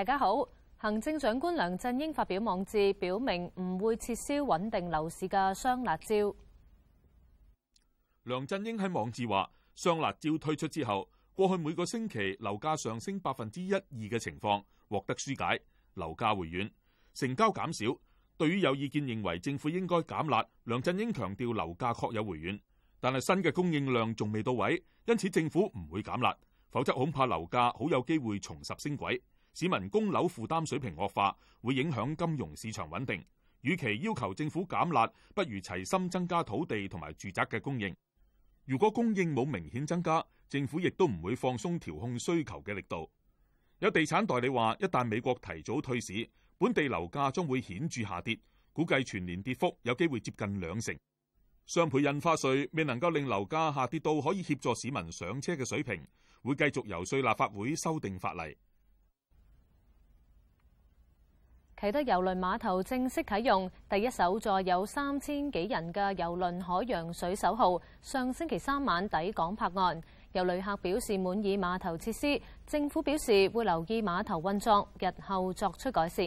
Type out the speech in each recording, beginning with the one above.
大家好，行政長官梁振英發表網誌，表明唔會撤銷穩定樓市嘅雙辣招。梁振英喺網誌話，雙辣招推出之後，過去每個星期樓價上升百分之一二嘅情況獲得紓解，樓價回軟，成交減少。對於有意見認為政府應該減辣，梁振英強調樓價確有回軟，但係新嘅供應量仲未到位，因此政府唔會減辣，否則恐怕樓價好有機會重拾升軌。市民供樓負擔水平惡化，會影響金融市場穩定。與其要求政府減辣，不如齊心增加土地同埋住宅嘅供應。如果供應冇明顯增加，政府亦都唔會放鬆調控需求嘅力度。有地產代理話，一旦美國提早退市，本地樓價將會顯著下跌，估計全年跌幅有機會接近兩成。雙倍印花稅未能夠令樓價下跌到可以協助市民上車嘅水平，會繼續遊說立法會修訂法例。啟德郵輪碼頭正式啟用，第一艘載有三千幾人嘅郵輪海洋水手號上星期三晚抵港泊岸，有旅客表示滿意碼頭設施。政府表示會留意碼頭運作，日後作出改善。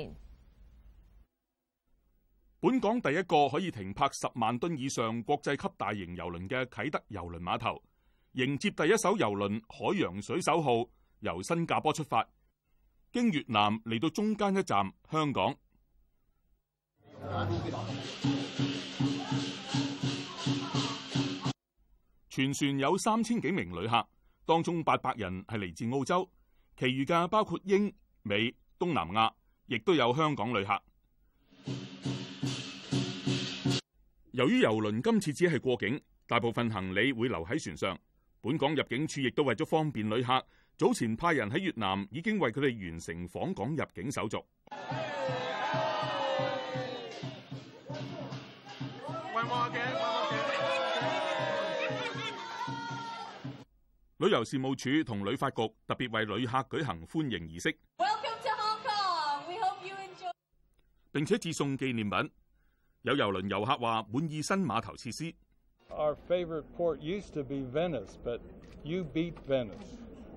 本港第一個可以停泊十萬噸以上國際級大型郵輪嘅啟德郵輪碼頭，迎接第一艘郵輪海洋水手號由新加坡出發。經越南嚟到中間一站香港，全船有三千幾名旅客，當中八百人係嚟自澳洲，其餘嘅包括英、美、東南亞，亦都有香港旅客。由於郵輪今次只係過境，大部分行李會留喺船上。本港入境處亦都為咗方便旅客。早前派人喺越南已經為佢哋完成訪港入境手續。旅遊事務署同旅發局特別為旅客舉行歡迎儀式，並且致送紀念品。有郵輪遊客話滿意新碼頭設施。Our favorite port used to be Venice, but you beat Venice.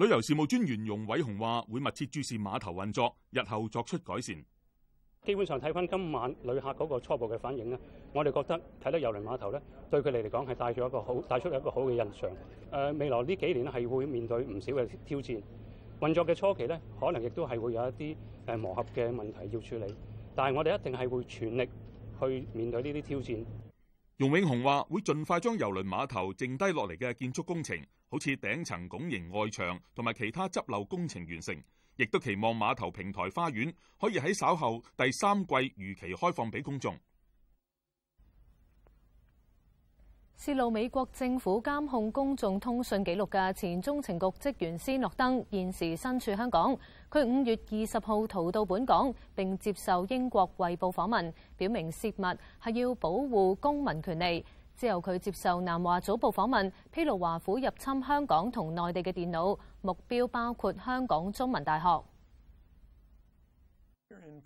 旅遊事務專員容偉雄話：會密切注視碼頭運作，日後作出改善。基本上睇翻今晚旅客嗰個初步嘅反應咧，我哋覺得睇到郵輪碼頭咧，對佢哋嚟講係帶咗一個好，帶出一個好嘅印象。誒、呃，未來呢幾年咧係會面對唔少嘅挑戰，運作嘅初期咧，可能亦都係會有一啲誒磨合嘅問題要處理，但係我哋一定係會全力去面對呢啲挑戰。容偉雄話：會盡快將郵輪碼頭剩低落嚟嘅建築工程。好似頂層拱形外牆同埋其他執漏工程完成，亦都期望碼頭平台花園可以喺稍後第三季如期開放俾公眾。洩露美國政府監控公眾通訊記錄嘅前中情局職員斯諾登現時身處香港，佢五月二十號逃到本港並接受英國《衛報》訪問，表明洩密係要保護公民權利。之後，佢接受南華早報訪問，披露華府入侵香港同內地嘅電腦目標，包括香港中文大學。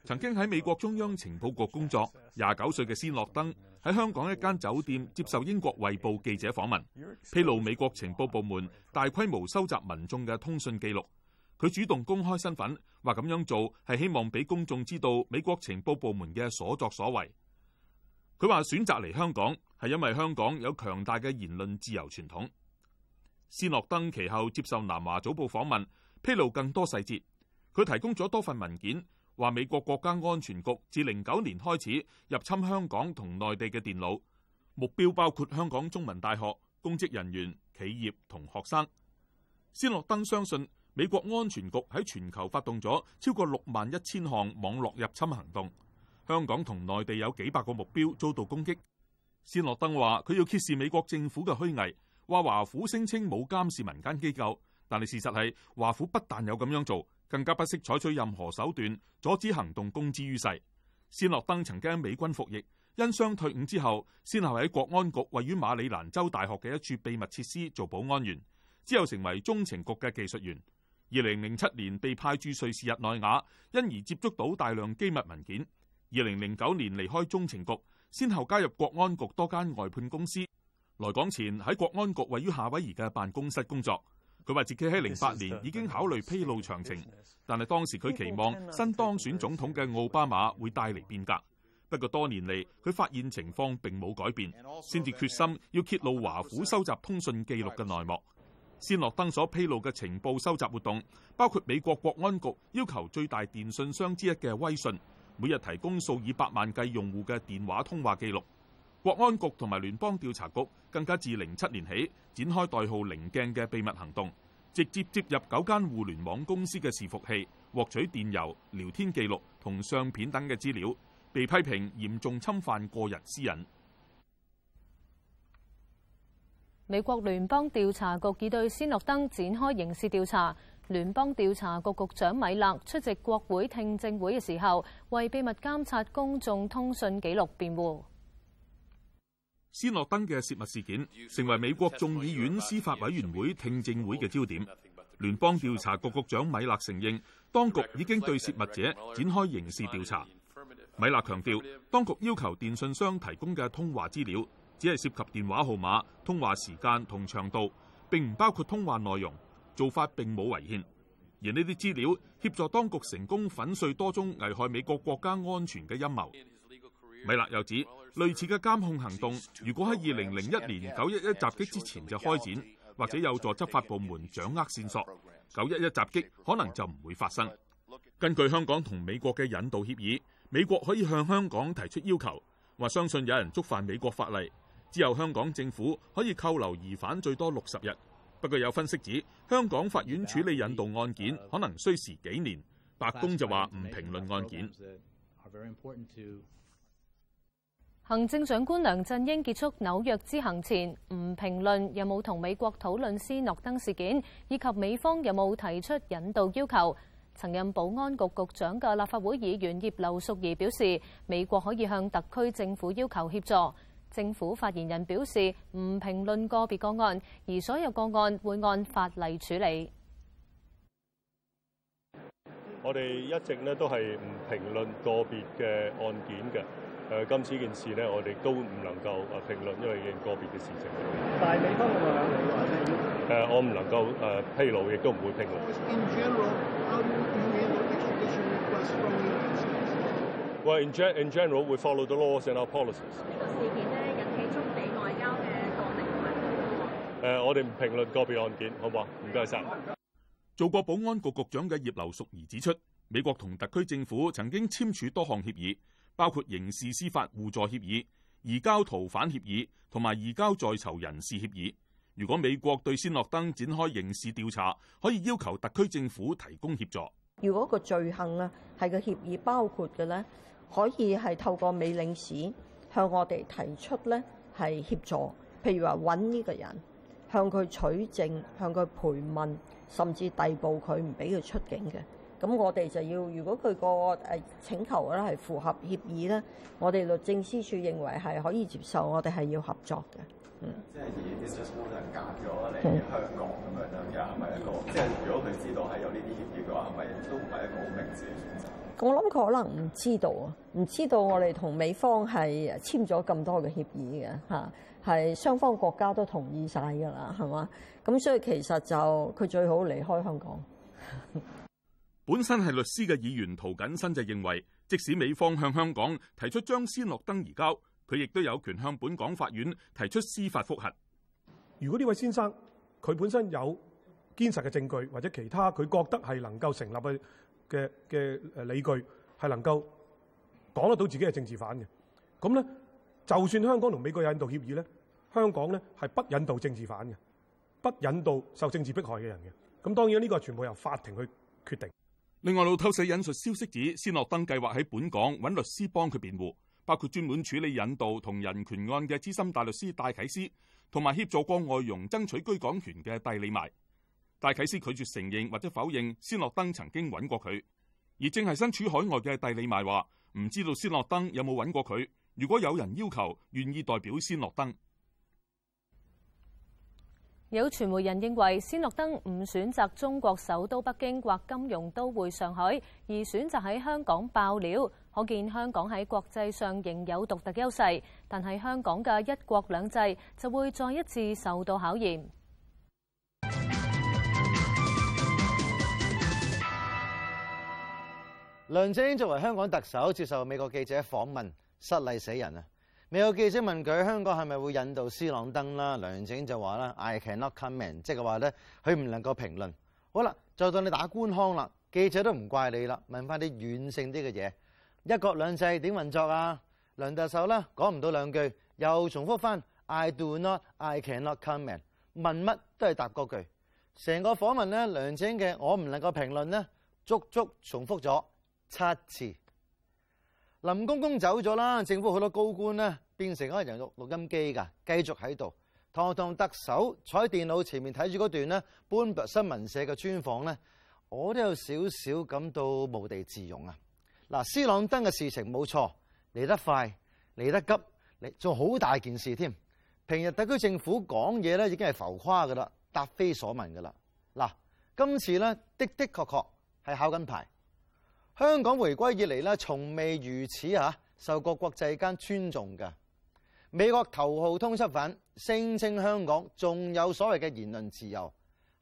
曾經喺美國中央情報局工作廿九歲嘅斯諾登喺香港一間酒店接受英國衛報記者訪問，披露美國情報部門大規模收集民眾嘅通訊記錄。佢主動公開身份，話咁樣做係希望俾公眾知道美國情報部門嘅所作所為。佢話選擇嚟香港，係因為香港有強大嘅言論自由傳統。斯諾登其後接受南華早報訪問，披露更多細節。佢提供咗多份文件，話美國國家安全局自零九年開始入侵香港同內地嘅電腦，目標包括香港中文大學、公職人員、企業同學生。斯諾登相信美國安全局喺全球發動咗超過六萬一千項網絡入侵行動，香港同內地有幾百個目標遭到攻擊。斯諾登話：佢要揭示美國政府嘅虛偽，話華府聲稱冇監視民間機構，但係事實係華府不但有咁樣做，更加不惜採取任何手段阻止行動公之於世。斯諾登曾經喺美軍服役，因傷退伍之後，先後喺國安局位於馬里蘭州大學嘅一處秘密設施做保安員，之後成為中情局嘅技術員。二零零七年被派駐瑞士日內瓦，因而接觸到大量機密文件。二零零九年離開中情局。先後加入國安局多間外判公司，來港前喺國安局位於夏威夷嘅辦公室工作。佢話自己喺零八年已經考慮披露詳情，但係當時佢期望新當選總統嘅奧巴馬會帶嚟變革。不過多年嚟，佢發現情況並冇改變，先至決心要揭露華府收集通訊記錄嘅內幕。斯諾登所披露嘅情報收集活動，包括美國國安局要求最大電訊商之一嘅威訊，每日提供數以百萬計用戶嘅電話通話記錄，國安局同埋聯邦調查局更加自零七年起，展開代號稜鏡嘅秘密行動，直接接入九間互聯網公司嘅伺服器，獲取電郵、聊天記錄同相片等嘅資料，被批評嚴重侵犯個人私隱。美國聯邦調查局已對斯諾登展開刑事調查。聯邦調查局局長米勒出席國會聽證會嘅時候，為秘密監察公眾通訊記錄辯護。斯諾登嘅泄密事件成為美國眾議院司法委員會聽證會嘅焦點。聯邦調查局局長米勒承認，當局已經對泄密者展開刑事調查。米勒強調，當局要求電信商提供嘅通話資料，只係涉及電話號碼、通話時間同長度，並唔包括通話內容。做法並冇違憲，而呢啲資料協助當局成功粉碎多宗危害美國國家安全嘅陰謀。米勒又指，類似嘅監控行動如果喺二零零一年九一一襲擊之前就開展，或者有助執法部門掌握線索，九一一襲擊可能就唔會發生。根據香港同美國嘅引渡協議，美國可以向香港提出要求，話相信有人觸犯美國法例，之後香港政府可以扣留疑犯最多六十日。不過有分析指，香港法院處理引渡案件可能需時幾年。白宮就話唔評論案件。行政長官梁振英結束紐約之行前，唔評論有冇同美國討論斯諾登事件，以及美方有冇提出引渡要求。曾任保安局局長嘅立法會議員葉劉淑儀表示，美國可以向特區政府要求協助。政府發言人表示，唔評論個別個案，而所有個案會按法例處理。我哋一直呢都係唔評論個別嘅案件嘅。誒，今次件事呢，我哋都唔能夠誒評論，因為件個別嘅事情。但美方有冇嚟來咧？誒，我唔能夠誒披露，亦都唔會評論。Well, in general, we follow the laws and our policies. 誒、呃，我哋唔評論個別案件，好唔好啊？唔該曬。做過保安局局長嘅葉劉淑儀指出，美國同特區政府曾經簽署多項協議，包括刑事司法互助協議、移交逃犯協議同埋移交在囚人士協議。如果美國對斯諾登展開刑事調查，可以要求特區政府提供協助。如果個罪行啊係個協議包括嘅呢，可以係透過美領事向我哋提出呢係協助，譬如話揾呢個人。向佢取證，向佢陪問，甚至逮捕佢，唔俾佢出境嘅。咁我哋就要，如果佢個誒請求咧係符合協議咧，我哋律政司處認為係可以接受，我哋係要合作嘅。嗯。嗯，即係以 business 嫁咗嚟香港咁樣咧，又係一個，即係如果佢知道係有呢啲協議嘅話，係咪都唔係一個好明智嘅選擇？我諗佢可能唔知道啊，唔知道我哋同美方係簽咗咁多嘅協議嘅，吓係雙方國家都同意晒噶啦，係嘛？咁所以其實就佢最好離開香港。 本身係律師嘅議員塗謹申就認為，即使美方向香港提出將斯諾登移交，佢亦都有權向本港法院提出司法覆核。如果呢位先生佢本身有堅實嘅證據，或者其他佢覺得係能夠成立嘅嘅嘅理據係能夠講得到自己係政治犯嘅，咁咧就算香港同美國有引渡協議咧，香港咧係不引渡政治犯嘅，不引渡受政治迫害嘅人嘅。咁當然呢個全部由法庭去決定。另外路透社引述消息指，斯諾登計劃喺本港搵律師幫佢辯護，包括專門處理引渡同人權案嘅資深大律師戴啟思，同埋協助過外傭爭取居港權嘅蒂利埋。戴啟思拒絕承認或者否認，斯諾登曾經揾過佢。而正係身處海外嘅蒂利埋話，唔知道斯諾登有冇揾過佢。如果有人要求，願意代表斯諾登。有傳媒人認為，斯諾登唔選擇中國首都北京或金融都會上海，而選擇喺香港爆料，可見香港喺國際上仍有獨特優勢。但係香港嘅一國兩制就會再一次受到考驗。梁振英作為香港特首接受美國記者訪問失禮死人啊！美國記者問佢香港係咪會引渡斯諾登啦，梁振英就話啦：，I cannot comment，即係話咧，佢唔能夠評論。好啦，就當你打官腔啦，記者都唔怪你啦，問翻啲軟性啲嘅嘢，一國兩制點運作啊？梁特首啦講唔到兩句，又重複翻：，I do not，I cannot I cannot comment。問乜都係答嗰句，成個訪問咧，梁振英嘅我唔能夠評論咧，足足重複咗七次，林公公走咗啦，政府好多高官咧，變成嗰個錄錄音機噶，繼續喺度，堂堂特首坐喺電腦前面睇住嗰段咧，《彭博新聞社》嘅專訪咧，我都有少少感到無地自容啊！嗱，斯諾登嘅事情冇錯，嚟得快，嚟得急，嚟做好大件事添。平日特區政府講嘢咧已經係浮誇噶啦，答非所問噶啦。嗱，今次咧的的確確係考緊牌。香港回歸以嚟咧，從未如此吓受過國際間尊重嘅。美國頭號通緝犯聲稱香港仲有所謂嘅言論自由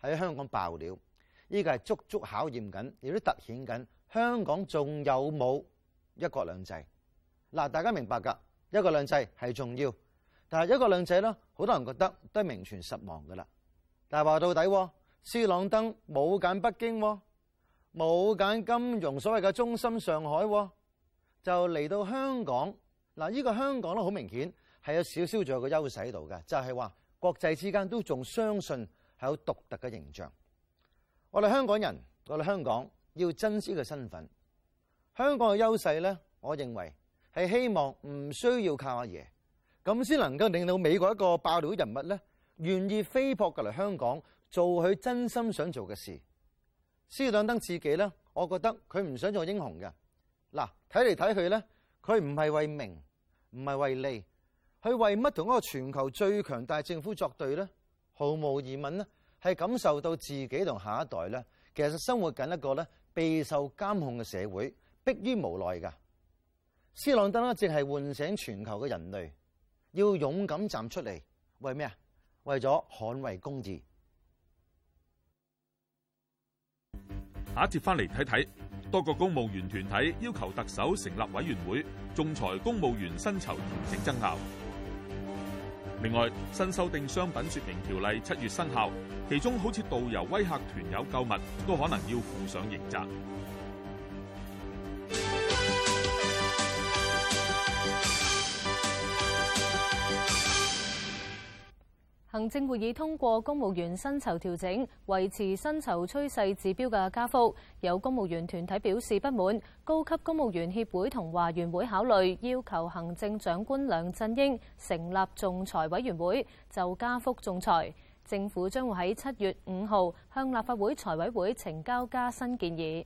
喺香港爆料，呢個係足足考驗緊，亦都凸顯緊香港仲有冇一國兩制。嗱，大家明白噶，一國兩制係重要，但係一國兩制呢，好多人覺得都係名存實亡噶啦。但話到底，斯朗登冇揀北京。冇揀金融，所謂嘅中心上海，就嚟到香港嗱。呢個香港都好明顯係有少少仲有個優勢喺度嘅，就係話國際之間都仲相信係有獨特嘅形象。我哋香港人，我哋香港要珍惜呢個身份。香港嘅優勢咧，我認為係希望唔需要靠阿爺咁，先能夠令到美國一個爆料人物咧，願意飛撲過嚟香港做佢真心想做嘅事。斯諾登自己咧，我覺得佢唔想做英雄嘅。嗱，睇嚟睇去咧，佢唔係為名，唔係為利，佢為乜同嗰個全球最強大政府作對咧？毫無疑問啦，係感受到自己同下一代咧，其實生活緊一個咧備受監控嘅社會，迫於無奈噶。斯諾登呢，淨係喚醒全球嘅人類，要勇敢站出嚟，為咩啊？為咗捍衞公義。下一節翻嚟睇睇，多個公務員團體要求特首成立委員會仲裁公務員薪酬調整爭拗。另外，新修訂商品說明條例七月生效，其中好似導遊威嚇團友購物，都可能要負上刑責。行政會議通過公務員薪酬調整，維持薪酬趨勢指標嘅加幅。有公務員團體表示不滿，高級公務員協會同華員會考慮要求行政長官梁振英成立仲裁委員會就加幅仲裁。政府將會喺七月五號向立法會財委會呈交加薪建議。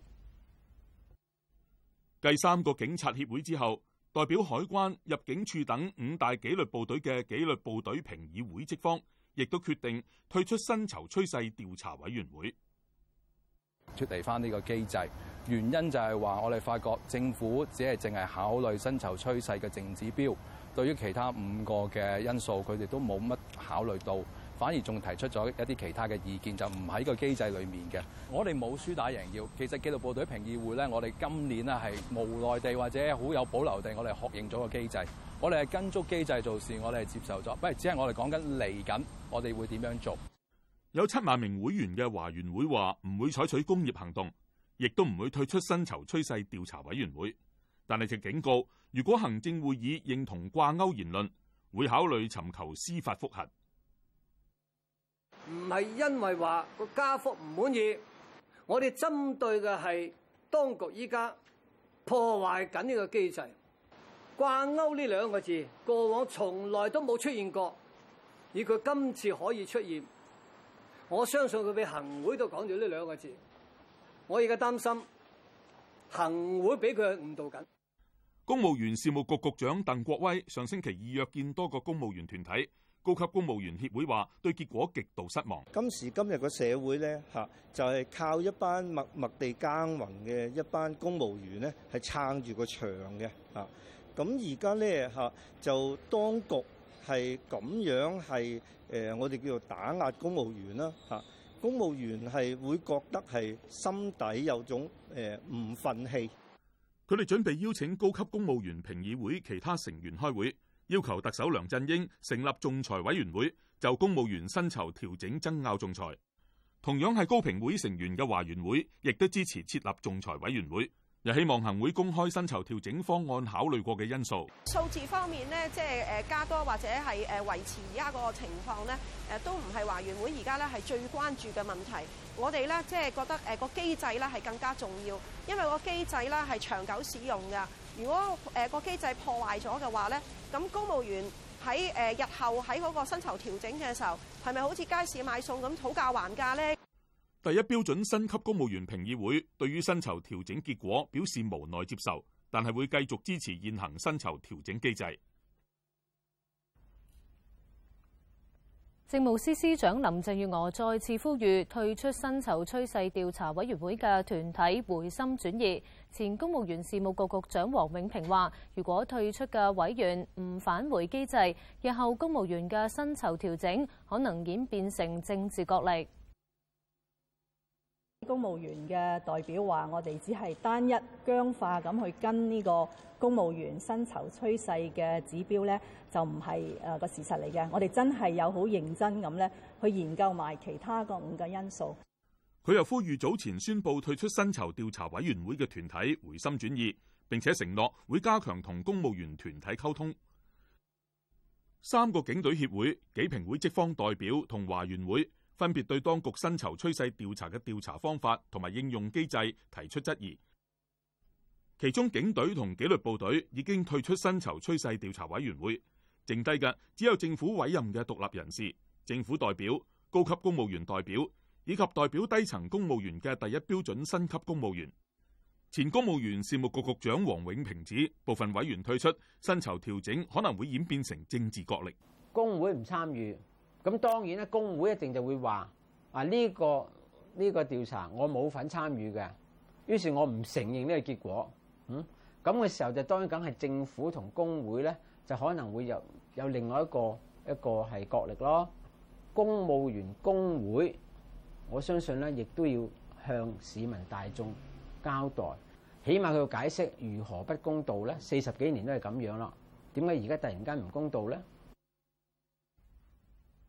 繼三個警察協會之後，代表海關、入境處等五大紀律部隊嘅紀律部隊評議會職方。亦都決定退出薪酬趨勢調查委員會，脫離返呢個機制。原因就係話，我哋發覺政府只係淨係考慮薪酬趨勢嘅淨指標，對於其他五個嘅因素，佢哋都冇乜考慮到。反而仲提出咗一啲其他嘅意見，就唔喺個機制裏面嘅。我哋冇輸打贏要，其實紀律部隊評議會咧，我哋今年啊係無奈地或者好有保留地，我哋確認咗個機制，我哋係跟足機制做事，我哋係接受咗。不如，只係我哋講緊嚟緊，我哋會點樣做？有七萬名會員嘅華員會話唔會採取工業行動，亦都唔會退出薪酬趨勢調查委員會，但係就警告，如果行政會議認同掛鈎言論，會考慮尋求司法覆核。唔係因為話個加幅唔滿意，我哋針對嘅，係當局依家破壞緊呢個機制掛鈎。呢兩個字過往從來都冇出現過，而佢今次可以出現，我相信佢俾行會都講咗呢兩個字，我而家擔心行會俾佢誤導緊。公務員事務局局、局長鄧國威上星期二約見多個公務員團體。高級公務員協會話：對結果極度失望。今時今日個社會咧，吓就係靠一班默默地耕耘嘅一班公務員咧，係撐住個場嘅。啊，咁而家咧吓，就當局係咁樣，係誒，我哋叫做打壓公務員啦。吓，公務員係會覺得係心底有種誒唔忿氣。佢哋準備邀請高級公務員評議會其他成員開會。要求特首梁振英成立仲裁委員會，就公務員薪酬調整爭拗仲裁，同樣係高評會成員嘅華員會亦都支持設立仲裁委員會，又希望行會公開薪酬調整方案考慮過嘅因素。數字方面咧，即係誒加多或者係誒維持而家嗰個情況咧，誒都唔係華員會而家咧係最關注嘅問題。我哋咧即係覺得誒個機制咧係更加重要，因為個機制咧係長久使用噶。如果誒個機制破壞咗嘅話咧，咁公務員喺日後喺嗰個薪酬調整嘅時候，係咪好似街市買餸咁討價還價咧？第一標準新級公務員評議會對於薪酬調整結果表示無奈接受，但係會繼續支持現行薪酬調整機制。政務司司長林鄭月娥再次呼籲退出薪酬趨勢調查委員會嘅團體回心轉意。前公務員事務局局長王永平話，如果退出嘅委員唔返回機制，日後公務員嘅薪酬調整可能演變成政治角力。公務員嘅代表話：我哋只係單一僵化咁去跟呢個公務員薪酬趨勢嘅指標呢就唔係誒個事實嚟嘅。我哋真係有好認真咁呢去研究埋其他個五個因素。佢又呼籲早前宣布退出薪酬調查委員會嘅團體回心轉意，並且承諾會加強同公務員團體溝通。三個警隊協會、紀評會職方代表同華員會分別對當局薪酬趨勢調查嘅調查方法同埋應用機制提出質疑，其中警隊同紀律部隊已經退出薪酬趨勢調查委員會，剩低嘅只有政府委任嘅獨立人士、政府代表、高級公務員代表以及代表低層公務員嘅第一標準薪級公務員。前公務員事務局局，局長王永平指，部分委員退出，薪酬調整可能會演變成政治角力，工會唔參與。咁當然咧，工會一定就會話啊，呢個呢個調查我冇份參與嘅，於是我唔承認呢個結果。嗯，咁嘅時候就當然梗係政府同工會呢，就可能會有有另外一個一個係角力咯。公務員工會，我相信呢亦都要向市民大眾交代，起碼佢會解釋如何不公道呢。四十幾年都係咁樣囉，點解而家突然間唔公道呢？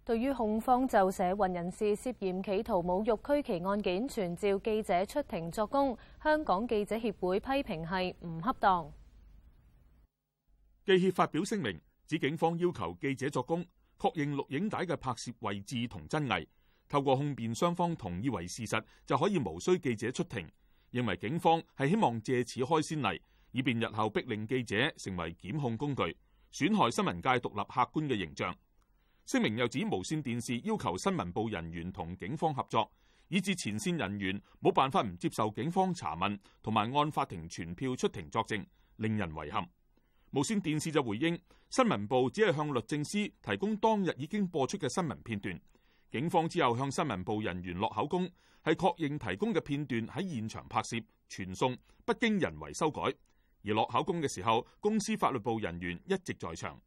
對於控方，就社運人士涉嫌企圖侮辱區旗案件傳召記者出庭作供，香港記者協會批評係唔恰當。記協發表聲明指警方要求記者作供，確認錄影帶嘅拍攝位置同真偽，透過控辯雙方同意為事實，就可以無需記者出庭。認為警方係希望借此開先例，以便日後逼令記者成為檢控工具，損害新聞界獨立客觀嘅形象。聲明又指無線電視要求新聞部人員同警方合作，以致前線人員冇辦法唔接受警方查問，同埋按法庭傳票出庭作證，令人遺憾。無線電視就回應，新聞部只係向律政司提供當日已經播出嘅新聞片段，警方之後向新聞部人員落口供，係確認提供嘅片段喺現場拍攝、傳送，不經人為修改。而落口供嘅時候，公司法律部人員一直在場。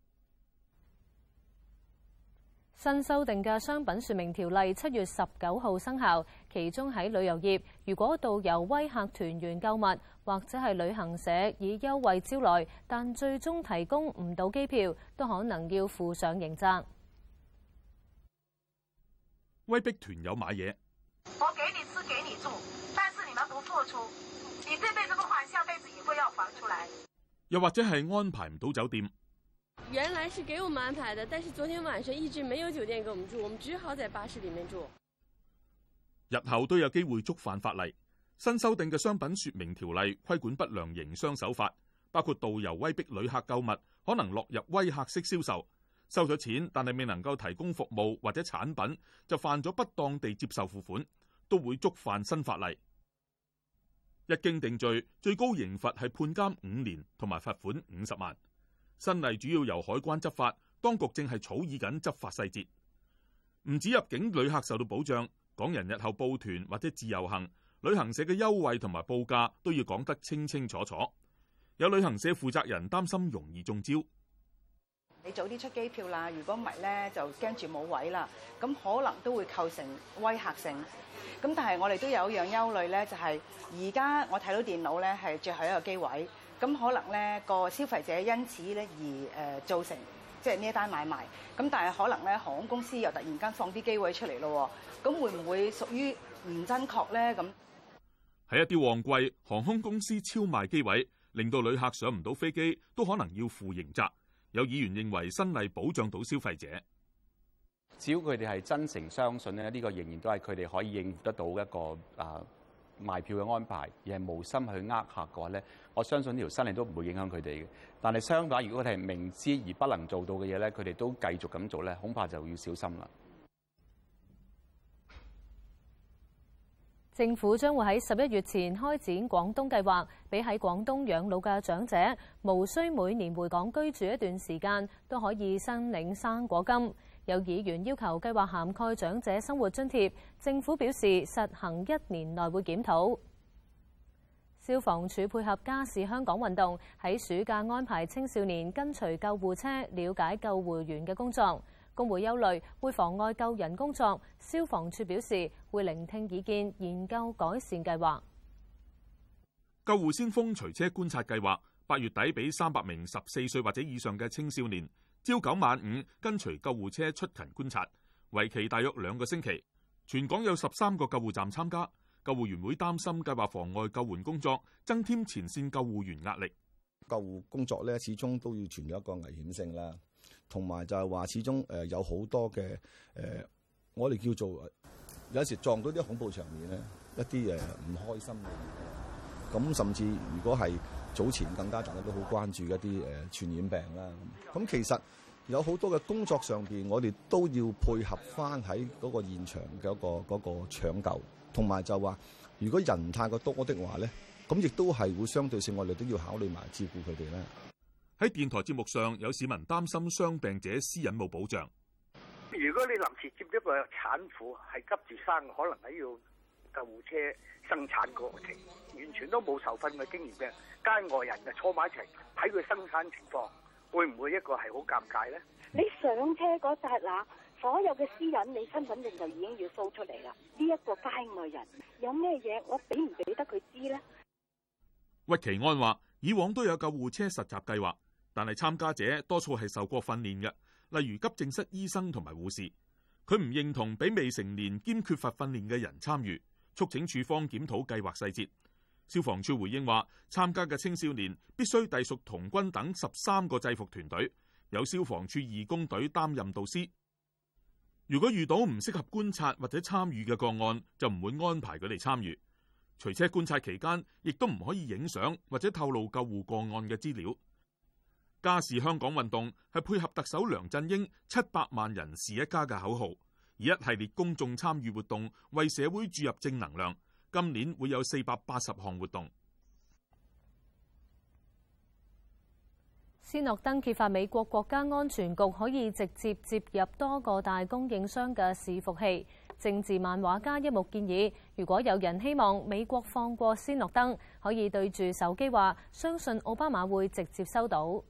新修訂嘅商品說明條例七月十九號生效，其中喺旅遊業，如果導遊威嚇團員購物，或者係旅行社以優惠招來，但最終提供唔到機票，都可能要負上刑責。威逼團友買嘢，我給你吃，給你住，但是你們不付出，你這輩子不還，下輩子亦會要還出嚟。又或者係安排唔到酒店。原來是給我們安排的，但是昨天晚上一直沒有酒店給我們住，我們只好在巴士裏面住。日後都有機會觸犯法例。新修訂嘅商品說明條例規管不良營商手法，包括導遊威逼旅客購物，可能落入威吓式銷售。收咗錢但係未能夠提供服務或者產品，就犯咗不當地接受付款，都會觸犯新法例。一經定罪，最高刑罰係判監五年，同埋罰款五十萬。新例主要由海關執法，當局正係草擬緊執法細節。唔止入境旅客受到保障，港人日後報團或者自由行，旅行社嘅優惠同埋報價都要講得清清楚楚。有旅行社負責人擔心容易中招。你早啲出機票啦，如果唔係咧就驚住冇位啦。咁可能都會構成威吓性。咁但係我哋都有一樣憂慮咧，就係而家我睇到電腦咧係最後一個機位。咁可能咧，個消費者因此咧而誒、呃、造成即係呢一單買賣。咁但係可能咧，航空公司又突然間放啲機位出嚟咯喎。咁會唔會屬於唔真確咧？咁喺一啲旺季，航空公司超賣機位，令到旅客上唔到飛機，都可能要負刑責。有議員認為新例保障到消費者。只要佢哋係真誠相信咧，呢、呢個仍然都係佢哋可以應付得到一個啊。呃賣票嘅安排，而係無心去呃客嘅話呢，我相信呢條新例都唔會影響佢哋嘅。但係相反，如果佢哋明知而不能做到嘅嘢呢，佢哋都繼續咁做呢，恐怕就要小心啦。政府將會喺十一月前開展廣東計劃，畀喺廣東養老嘅長者，無需每年回港居住一段時間，都可以申領生果金。有議員要求計劃涵蓋長者生活津貼，政府表示實行一年內會檢討。消防處配合家事香港運動，喺暑假安排青少年跟隨救護車了解救護員嘅工作。工會憂慮會妨礙救人工作，消防處表示會聆聽意見，研究改善計劃。救護先鋒隨車觀察計劃八月底俾三百名十四歲或者以上嘅青少年。朝九晚五，跟隨救護車出勤觀察，為期大約兩個星期。全港有十三個救護站參加，救護員會擔心計劃妨礙救援工作，增添前綫救護員壓力。救護工作咧，始終都要存在一個危險性啦。同埋就係話，始終誒有好多嘅，誒，我哋叫做有時撞到啲恐怖場面咧，一啲誒唔開心嘅嘢。咁甚至如果係早前更加大家都好關注一啲誒傳染病啦。咁其實。有好多嘅工作上邊，我哋都要配合翻喺嗰個現場嘅嗰個嗰個搶救，同埋就話，如果人太過多的話，咧，咁亦都係會相對性，我哋都要考慮埋照顧佢哋咧。喺電台節目上，有市民擔心傷病者私隱冇保障。如果你臨時接一個產婦係急住生，可能喺要救護車生產過程，完全都冇受訓嘅經驗嘅街外人嘅坐埋一齊睇佢生產情況。會唔會一個係好尷尬呢？你上車嗰扎嗱，所有嘅私隱，你身份證就已經要 show 出嚟啦。呢一個街外人有咩嘢，我俾唔俾得佢知呢？屈奇安話，以往都有救護車實習計劃，但係參加者多數係受過訓練嘅，例如急症室醫生同埋護士。佢唔認同俾未成年兼缺乏訓練嘅人參與，促請處方檢討計劃細節。消防處回應話：參加嘅青少年必須隸屬童軍等十三個制服團隊，有消防處義工隊擔任導師。如果遇到唔適合觀察或者參與嘅個案，就唔會安排佢哋參與。隨車觀察期間，亦都唔可以影相或者透露救護個案嘅資料。家事香港運動係配合特首梁振英「七百萬人是一家」嘅口號，以一系列公眾參與活動為社會注入正能量。今年會有四百八十項活動。斯諾登揭發美國國家安全局可以直接接入多個大供應商嘅伺服器。政治漫畫家一目建議，如果有人希望美國放過斯諾登，可以對住手機話，相信奧巴馬會直接收到。